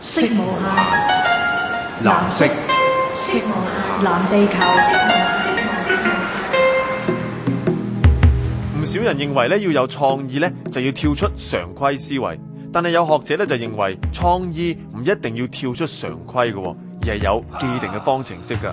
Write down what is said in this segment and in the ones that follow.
色無限，藍色。色無限，藍地球。唔少人認為咧要有創意咧就要跳出常規思維，但係有學者咧就認為創意唔一定要跳出常規嘅，而係有既定嘅方程式㗎。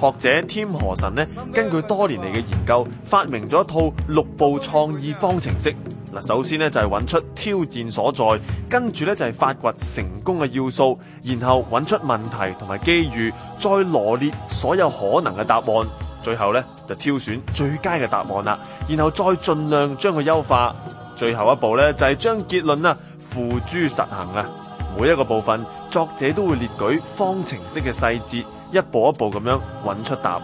學者添河神呢，根據多年嚟嘅研究，發明咗一套六步創意方程式。嗱，首先呢就係揾出挑戰所在，跟住呢就係發掘成功嘅要素，然後揾出問題同埋機遇，再羅列所有可能嘅答案，最後呢就挑選最佳嘅答案啦，然後再盡量將佢優化，最後一步呢就係將結論啊付諸實行啊。每一個部分，作者都會列舉方程式嘅細節，一步一步咁樣揾出答案。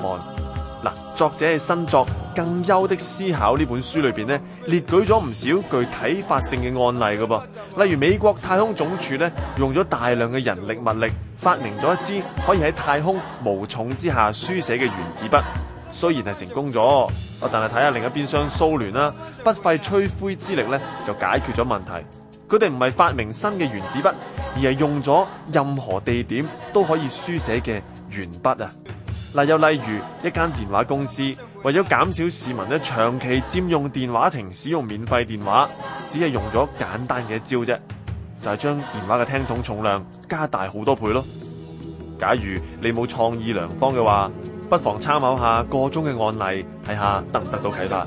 嗱，作者喺新作《更優的思考》呢本書裏邊呢列舉咗唔少具啟發性嘅案例噶噃，例如美國太空總署呢用咗大量嘅人力物力，發明咗一支可以喺太空無重之下書寫嘅原子筆，雖然係成功咗，但係睇下另一邊廂蘇聯啦，不費吹灰之力咧就解決咗問題。佢哋唔係發明新嘅原子筆，而係用咗任何地點都可以書寫嘅鉛筆啊！嗱，又例如一間電話公司為咗減少市民咧長期佔用電話亭使用免費電話，只係用咗簡單嘅一招啫，就係將電話嘅聽筒重量加大好多倍咯。假如你冇創意良方嘅話，不妨參考一下個中嘅案例，睇下得唔得到啟發。